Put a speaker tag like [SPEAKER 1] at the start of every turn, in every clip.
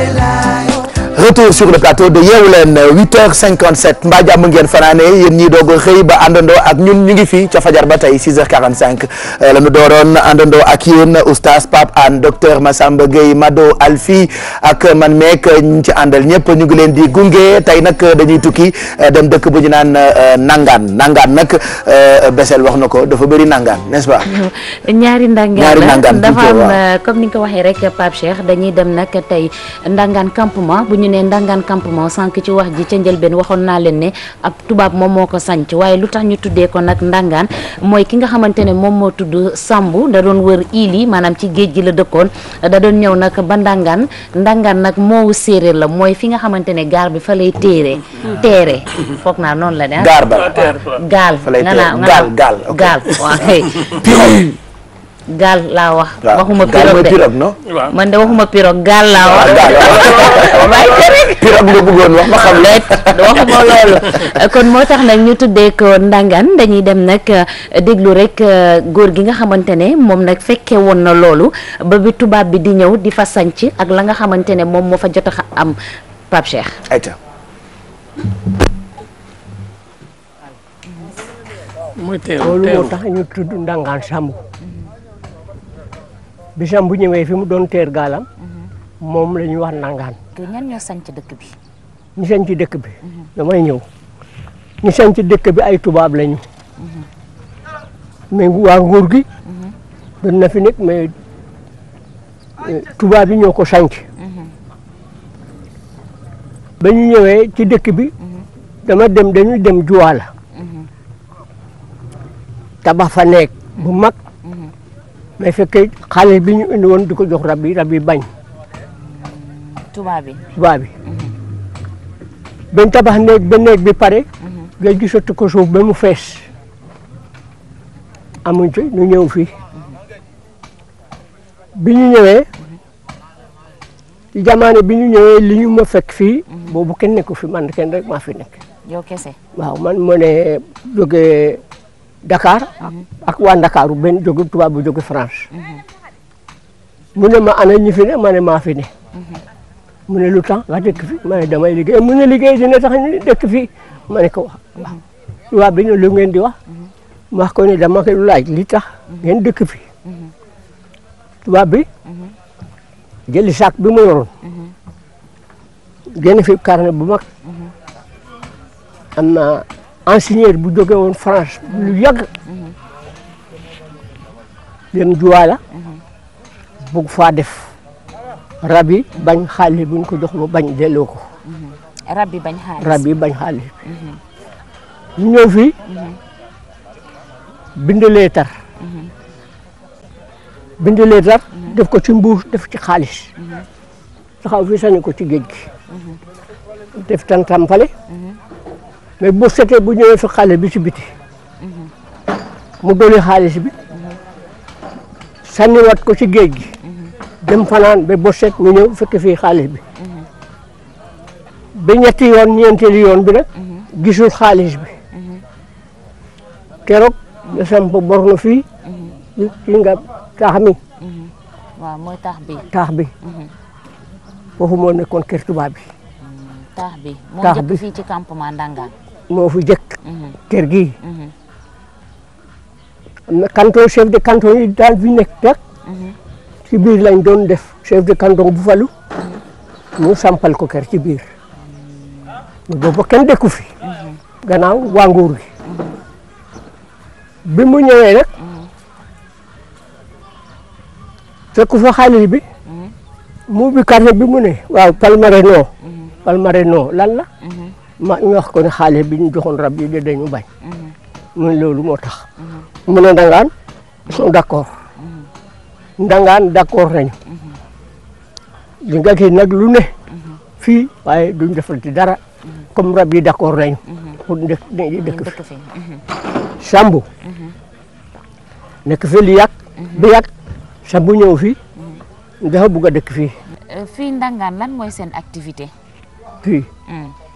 [SPEAKER 1] bailar. retour sur le plateau de yeewu leen 8h57 mbaa jàmm ngeen fanaane yéen ñii doog a xëy ba àndandoo ak ñun ñu ngi fii ca fajar ba tey eh, la ñu dooroon àndandoo ak yéen oustaz Pape Anne docteur Massamba Gueye Mado Alfi ak man meek ñu ci àndal ñëpp ñu ngi leen di gunge tey nag eh, dañuy tukki eh, dem dëkk bu ñu naan nangaan nangaan nag Bessel wax na ko dafa bëri nangaan n'est-ce pas.
[SPEAKER 2] ñaari nangaan ñaari nangaan dafa am comme ni ko waxee rek Pape Cheikh dañuy dem nag tey nangaan campement ne Ndangaan campement sànq ci wax ji ca njëlbeen waxoon naa leen ne ab tubaab moom moo ko sànc waaye lu tax ñu tuddee ko nag Ndangaan mooy ki nga xamante ne moom moo tudd Samb da doon wër île maanaam ci géej gi la dëkkoon da doon ñëw nag ba ndàngaan Ndangaan nag moowu séeréer la mooy fi nga xamante ne gaar bi fa lay téere téere foog naa noonu la de ah. gaar ba ah, gaal gaal gaal gaal laa wax waxuma pirogue man de waxuma pirogue gaal laa wax ah,
[SPEAKER 1] am nga xam
[SPEAKER 2] kon moo tax nag ñu tuddee ko dañuy dem nag euh, rek euh, góor gi nga xamante ne moom nag fekkee woon na loolu ba tubaab bi di ñëw di fa sanc ak la nga xamante ne moom moo fa jot am Pape Cheikh
[SPEAKER 3] ndàngaan Samb bi bu ñëwee fi mu doon teer gaalam mm-hmm. moom la ñuy wax ndàngaan Mbacké ñan sanc dëkk bi. ñu sanc dëkk bi. Mhm. damay ñëw ñu sanc dëkk bi ay tubaab lañu. Mhm. mais waa nguur gi. doon mhm. na fi nekk mais euh, tubaab yi ñoo ko sanc. ba ñu ñëwee ci dëkk bi. dama dem dañu dem Juwaala. tabax fa nekk bu mag. mais fekkee xaalis bi ñu indi woon di ko jox rab yi rab bañ. tubaab bi tubaab bi tabax néeg ba bi pare nga gisatu ko suuf ba mu fees amuñ ci ñu ñëw fii bi ñu ñëwee ci jamaane bi ñu ñëwee li ma fekk fii boobu ken nekku fi man kenn rek maa fi nekk yow kese waaw man moo ne jóge ak waa Ndakaaru ben jóge tubaab bu jóge France mhm. mu ne ma ana ñi fi ne ma ne maa fi ne mhm. mu ne lu tax nga dëkk fi ma ne damay liggéey mu ne liggéey dina tax ñu dëkk fi ma ne ko bi ne lu ngeen di wax mhm. ma ko ne dama koy laaj li tax mhm. ngeen dëkk fi mhm. tubaab bi jëli saak bi mu yoroon génn fi carnet bu mag am na enseigneur bu jóge woon France lu yàgg dem juwaala bugg faa def rab yi bañ xaalis buñ ko jox mu bañ delloo ko.
[SPEAKER 2] rab yi bañ xaalis rab yi bañ fi mhm.
[SPEAKER 3] ñu ñëw fii. Mhm. bind leetar. Mhm. bind leetar. def ko ci mbuus def ci xaalis. taxaw fii sànni ko ci géej gi. def tantampale. mais bu setee bu ñëwee fi xaalis bi ci biti. mu dolli xaalis bi. sànniwaat ko ci géej gi. dem fanaan ba boset ñu ñëw fekk fi xaalis bi ba ñetti yoon ñeenteelu yoon bi nag gisul xaalis bi keroog da samp bor na fii ci nga taax mi
[SPEAKER 2] waaw taax bi taax bi
[SPEAKER 3] foofu moo nekkoon kër tubaab bi
[SPEAKER 2] taax bi moo njëkk fii ci campement Ndangaan
[SPEAKER 3] mhm. gi mhm. am na chef de canton yi daan fi nekk nag ci biir lañ doon def chef de canton bu falu mm-hmm. mu sampal ko ker ci biir ñu boobu kenn dëkku fi mm-hmm. gannaaw waa bi mu ñëwee nag mm-hmm. fekku fa xaalis bi mu bi carte bi mu ne waaw palmarès non palmarès non lan la ma ñu wax ko ne xaalis bi ñu joxoon rab yi de dañu bañ mun loolu moo tax mu ne dangaan sont d'accord ndangaan d'accord nañu li nga nag lu ne fii waaye duñ defalti dara comme rab yi d'accord nañu pour dëkk dëkk fi sambu nekk fi li bi yàgg sambu ñëw fii dafa bugg a dëkk fii
[SPEAKER 2] euh, fii ndangaan lan mooy seen activité
[SPEAKER 3] fii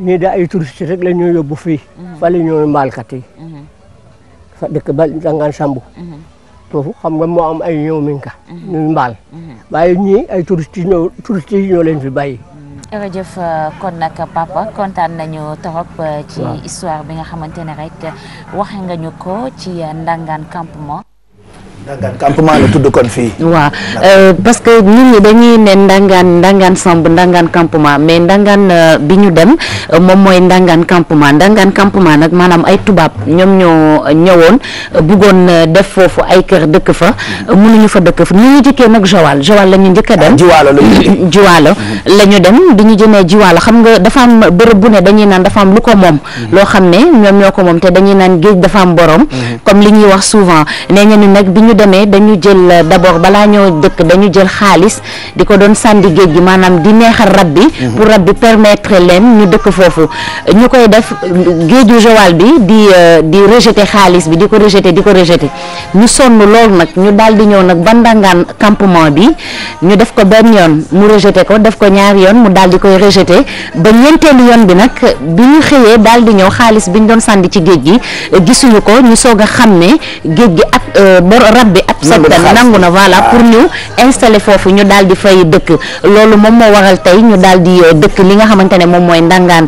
[SPEAKER 3] ñii hmm. da ay touriste rek hmm. la ñuy yóbbu fii fa la ñooy mbaalkat yi hmm. fa dëkk ba ndangaan sambu foofu xam nga moo am ay ñëw min ka mhm. mbaal mhm. waaye ñi ay touriste yi ñoo touriste yi ñoo leen fi bàyyi
[SPEAKER 2] jërëjëf kon nag papa kontaan nañu torop ci histoire bi nga xamante ne rek waxe nga ñu ko ci Ndangaan campement
[SPEAKER 1] ndangaan campement la tudd kon fii. waaw euh, parce que nit ñi dañuy ne ndangaan ndangaan
[SPEAKER 2] samb ndangaan campement mais ndangaan euh, bi ñu dem euh, moom mooy ndangaan campement ndangaan campement nag maanaam ay tubaab ñoom ñoo ñëwoon bëggoon def foofu ay kër dëkk fa mënuñu fa dëkk fa ni ñu jëkkee nag Joal Joal la ñu njëkk a dem. Ah, jiwaalo la ñu dem jiwaalo la ñu dem bi ñu jëmee jiwaalo xam nga dafa am bërëb bu ne dañuy naan dafa am lu ko moom. Mm-hmm. loo xam ne ñoom ñoo ko moom te dañuy naan géej dafa am borom. Mm-hmm. ñu demee dañu jël euh, d'abord balaa ñoo dëkk dañu jël xaalis di ko doon sànni géej gi maanaam di neexal rab bi mhm. pour rab bi permettre leen ñu dëkk foofu ñu koy def géeju Joal bi di euh, di rejeter xaalis bi di ko rejeter di ko rejeter ñu sonn loolu nag ñu daal ñëw nag bandangaan campement bi ñu def ko benn yoon mu rejeté ko def ko ñaari yoon mu daal di koy rejeté ba ñeenteelu yoon bi nag bi ñu xëyee daal di ñëw xaalis bi ñu doon sànni ci géej gi euh, gisuñu ko ñu soog a xam ne géej gi ak euh, bor rab bi ab sattan nangu na voilà ah. pour ñu installé foofu ñu daal di fay dëkk loolu moom moo waral tey ñu daal di euh, dëkk li nga xamante ne moom mooy ndangaan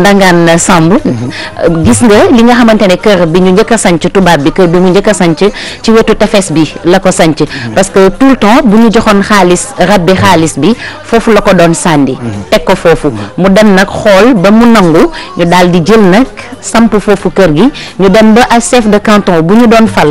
[SPEAKER 2] ndangaan samb mhm. gis nga li nga xamante ne kër bi ñu njëkk a sanc tubaab bi kër bi mu njëkk a sanc ci wetu tefes bi la ko sanc mhm. parce joxoon xaalis rab xaalis bi foofu la ko doon sàndi mhm. teg ko foofu mhm. mu dem nag xool ba mu nangu ñu daal di jël nag samp foofu kër gi ñu dem ba a chef de canton bu ñu doon fal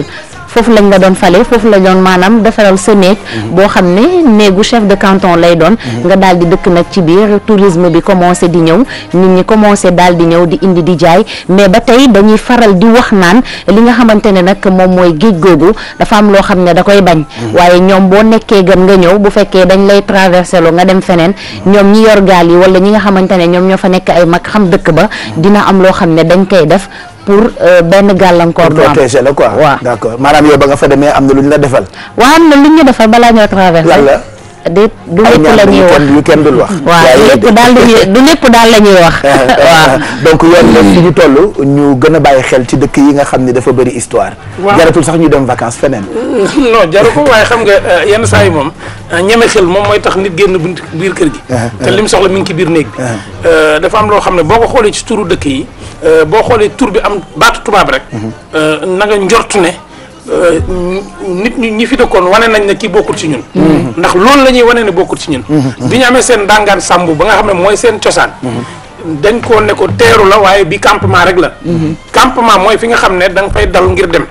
[SPEAKER 2] foofu lañ la doon fale foofu la doon maanaam defaral sa néeg mhm. boo xam ne néegu chef de canton lay doon mhm. nga daal di dëkk nag ci biir tourisme bi commencé di ñëw nit ñi commencé daal di ñëw di indi di jaay mais ba tey dañuy faral di wax naan li nga xamante ne nag moom mooy géej googu dafa am loo xam ne da koy bañ mhm. waaye ñoom boo nekkee gën nga ñëw bu fekkee dañ lay traversé loo nga dem feneen ñoom ñi yor gaal yi wala ñi nga xamante ne ñoom ñoo fa nekk ay mag xam dëkk ba dina am loo xam ne dañ koy def pour euh, benn gàllankoor. du am protéger
[SPEAKER 1] la quoi. waaw d' accord maanaam yow ba nga fa am na lu ñu la defal.
[SPEAKER 2] waaw am na lu ñu defal balaa ñoo traversé. déet du lépp la wax kenn dul wax waaw daal lañuy du lépp daal la ñuy
[SPEAKER 1] wax waaw donc yoon la fi ñu toll ñu gën a bàyyi xel ci dëkk yi nga xam ne dafa bëri histoire jaratul sax ñu dem vacances feneen
[SPEAKER 4] non jaru ko waaye xam nga euh, yenn saa yi moom euh, ñeme xel moom mooy tax nit génn bu biir kër gi uh-huh, te li mu soxla mi ngi ci biir néeg bi uh-huh. euh, dafa am loo xam ne boo ko xoolee ci turu dëkk yi boo xoolee tur bi am baatu tubaab rek uh-huh. na nga njort ne Euh, nit ñi ñi fi dëkkoon wane nañ ne kii bokkul ci ñun mm-hmm. ndax loolu la ñuy wane ne bokkul ci ñun mm-hmm. bi ñu amee seen dàngaan sàmbu ba nga xam ne mooy seen cosaan mm-hmm. dañ koo ne ko teeru la waaye bi campement rek la campement mooy fi nga xam ne da nga fay dal ngir dem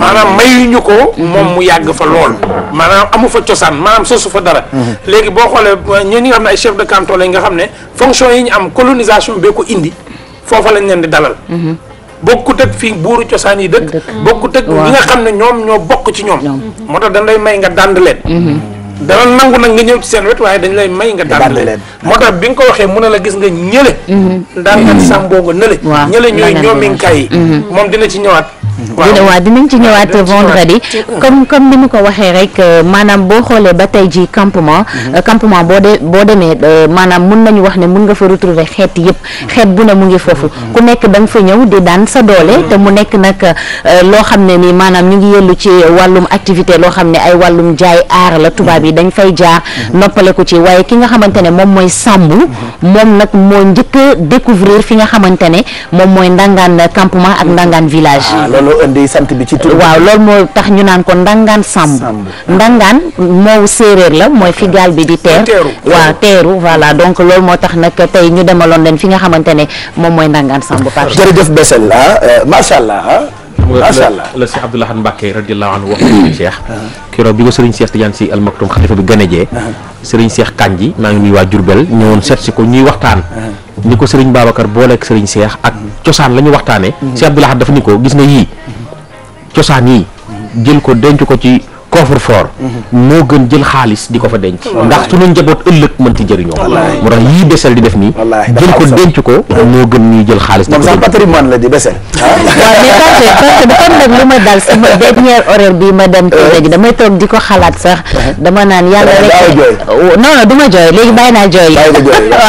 [SPEAKER 4] maanaam mayuñu ko moom mu yàgg fa lool maanaam amu fa cosaan maanaam sosu fa dara léegi boo xoolee euh, ñi nga xam ne ay chef de canton lañ nga xam ne fonction yi ñu am colonisation bee ko indi foofa lañ leen di dalal bokkut ak fii buuru cosaan yi dëkk bokkut ak ñi nga xam ne ñoom ñoo bokk ci ñoom moo tax dañ lay may nga dànd leen mm-hmm. dana nangu nag nga ñëw ci seen wet waaye dañ lay may nga dànd leen moo tax bi nga ko waxee mën a la gis nga ñële mm-hmm. daankat mm-hmm. sàmboo nga nële ñële ñooy ñoominkaay yi moom dina ci ñëwaat
[SPEAKER 2] dina waaw dinañ ci ñëwaat vendredi comme comme ni mu ko waxee rek euh, maanaam boo xoolee ba tey ji campement mhm. euh, campement boo dee boo demee euh, maanaam mun nañu wax ne mun nga fa retrouver xeet yëpp mhm. xeet bu ne mu ngi foofu mhm. ku nekk da nga fa ñëw di daan sa doole te mu nekk nag loo xam ne ni maanaam ñu ngi yellu ci wàllum activité loo xam ne ay wàllum jaay aar la tubaab yi dañ fay jaar noppale ko ci waaye ki nga xamante ne moom mooy sàmm moom nag moo njëkk a découvrir fi nga xamante ne moom mooy ndangaan campement ak ndangaan village
[SPEAKER 1] ah, indi sant bi ci tur waaw loolu
[SPEAKER 2] moo tax ñu naan ko ndangaan sàmb ndangaan moowu séeréer la mooy fi gaal bi di teer waaw teeru voilà donc loolu moo tax nag tey ñu demaloon leen fi nga xamante ne moom mooy ndangaan
[SPEAKER 1] sàmb par jërëjëf Bessél ah euh, macha allah ah. macha allah la Cheikh Abdoul Ahad Mbacké radiyallahu anhu wax Cheikh bi ko Serigne Cheikh Tidiane si Al Maktoum xalifa bi gënëjee ah. Serigne Cheikh Kandji maa ngi nuyu waa Jurbel ñëwoon seet si ko ñuy waxtaan ah. ni ko Serigne Babacar booleeg Serigne Cheikh ak mm. cosaan la ñu waxtaanee mm. Cheikh dafa ni ko gis nga yii cosaan yi jël ko denc ko ci coffre-fort mhm. moo gën jël xaalis di ko fa denc ndax suñu njaboot ëllëg mën ci jëriñoo moo tax yii besel di def nii jël ko denc ko moo gën ñuy jël xaalis moom sax patrimoine la di besel waaw mais parce parce que dafa
[SPEAKER 2] am nag lu ma dal sama dernière horaire bi ma dem ci ji damay toog di ko xalaat sax dama naan yàlla rek oh, non non du ma jooy léegi bàyyi naa jooy waaw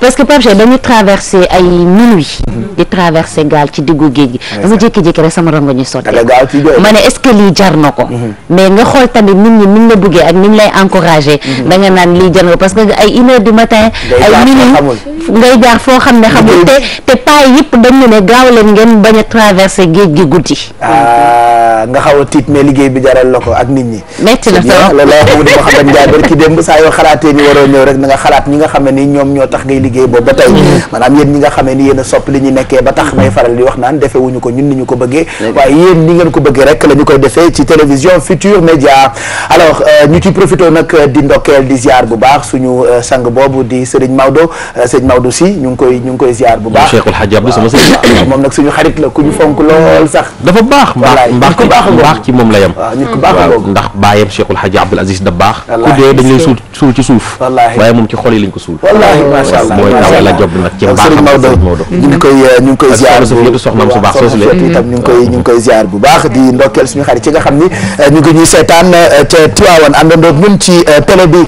[SPEAKER 2] parce que Pape Cheikh dañu traversé ay minuit di traversé gaal ci diggu géej gi dama jékki-jékki rek sama rongo ñu sotti ma ne est que lii jar na ko mhm. mais nga xool tamit nit ñi niñ la buggee ak niñ lay encouragé mhm. da nga naan lii jar na parce que ay une heure du matin ay minuit ngay jaar bañ a traversé géej gi guddi.
[SPEAKER 1] Ah, nga xaw a tiit mais liggéey bi jaral la ko ak nit ñi. métti la trop loolu la wax Mouhamed Ndiaye barki saa yoo xalaatee ni waroo ñëw rek na nga xalaat ñi nga xam ne ni ñoom ñoo tax ngay liggéey boobu ba tey mm. maanaam yéen ñi nga xam ne ni yéen a sopp li ñu nekkee ba tax may wax naan defewuñu ko ñun ni ñu ko bëggee mm. waaye yéen ñu ngeen ko bëggee rek la ñu koy defee ci télévision Futur Média alors euh, ñu ci profité nag euh, di ndokkeel di ziar bu baax suñu euh, sang boobu di Serigne Maodo Serigne Maodo si ñu ngi koy ñu ngi koy ziar bu baax
[SPEAKER 4] moom
[SPEAKER 1] nag suñu xarit nit la ku ñu fonk lool sax. dafa baax mbaax mbaax moom la yem. waaw nit ku baax a ndax bàyyam Cheikhul Hadji Abdoul Aziz da baax. ku dee dañ lay suul suul ko suul. wallaahi macha allah mooy taw la job nag ci mbaaxam Sëriñ Maodo eh, baax soosu leen itam ñu xarit ci nga ni eh, ñu ngi ñuy seetaan ca eh, Tiwaawan àndandoog ñun ci télé bi